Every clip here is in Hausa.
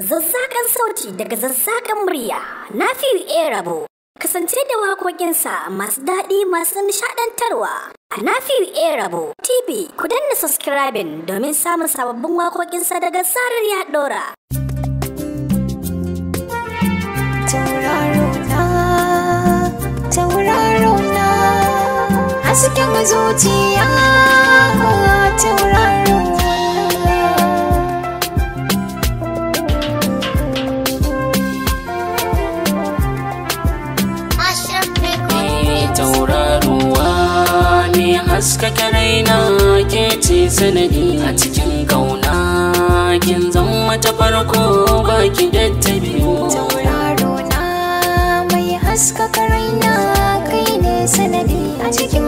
Zazzakan sauti daga zazzakan murya na fiye Erabo. Kasance da waƙoƙinsa masu daɗi masu nishaɗantarwa a Nafi'u Erabo TV ku danna subscribing domin samun sababbin waƙoƙinsa daga tsarin ya ɗora. Tauraro na, tauraro na, hasken zuciya, tauraro haskaka raina ke ce sanadi a cikin kauna kin zama ta farko ba ki da ta biyu tauraro na mai haskaka raina kai ne sanadi a cikin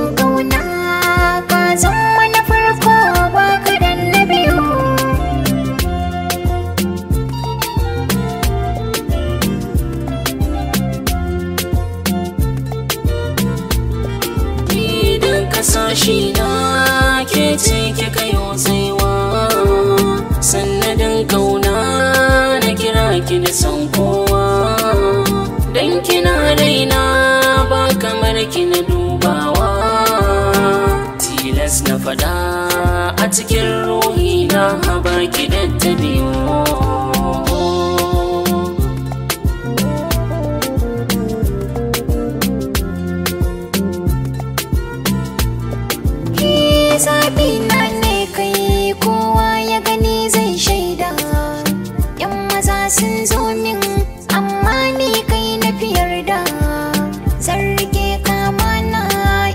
numfashi na ke ce ke kai tsaiwa sannadin kauna na kira ki da san kowa dan kina raina ba kamar ki na dubawa tilas na fada a cikin zaɓi na ne kai kowa ya gani zai shaida yan maza sun zo min amma ni kai na fi yarda zan rike kama na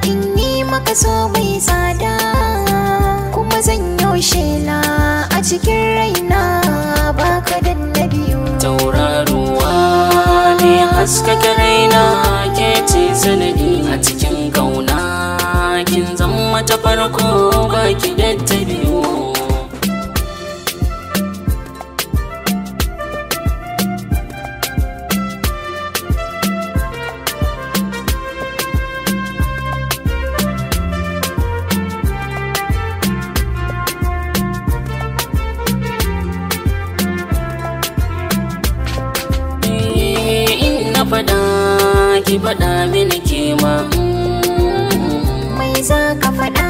in yi maka so mai tsada kuma zan yaushe na a cikin raina baka danna biyu tauraruwa ne haskaka raina ke ce ki faɗa mini kima mm, mai za ka faɗa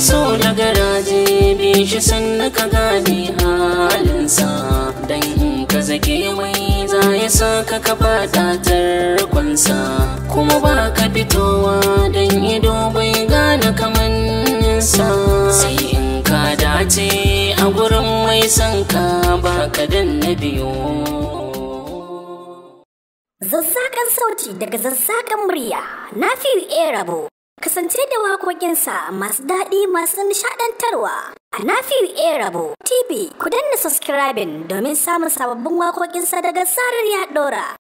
so na garaje bi shi sun ka gane halinsa dan in ka zake mai za ya saka ka fada tarkonsa kuma ba ka fitowa dan ido bai gane kamanninsa sai in ka dace a gurin mai san ka ba ka danna na biyu Zazzakan sauti daga zazzakan murya na fi rabo. Kasance da waƙoƙinsa masu daɗi masu nishaɗantarwa a Nafi'u A Rabo TV ku danna subscribing domin samun sababbin waƙoƙinsa daga sarar yaɗora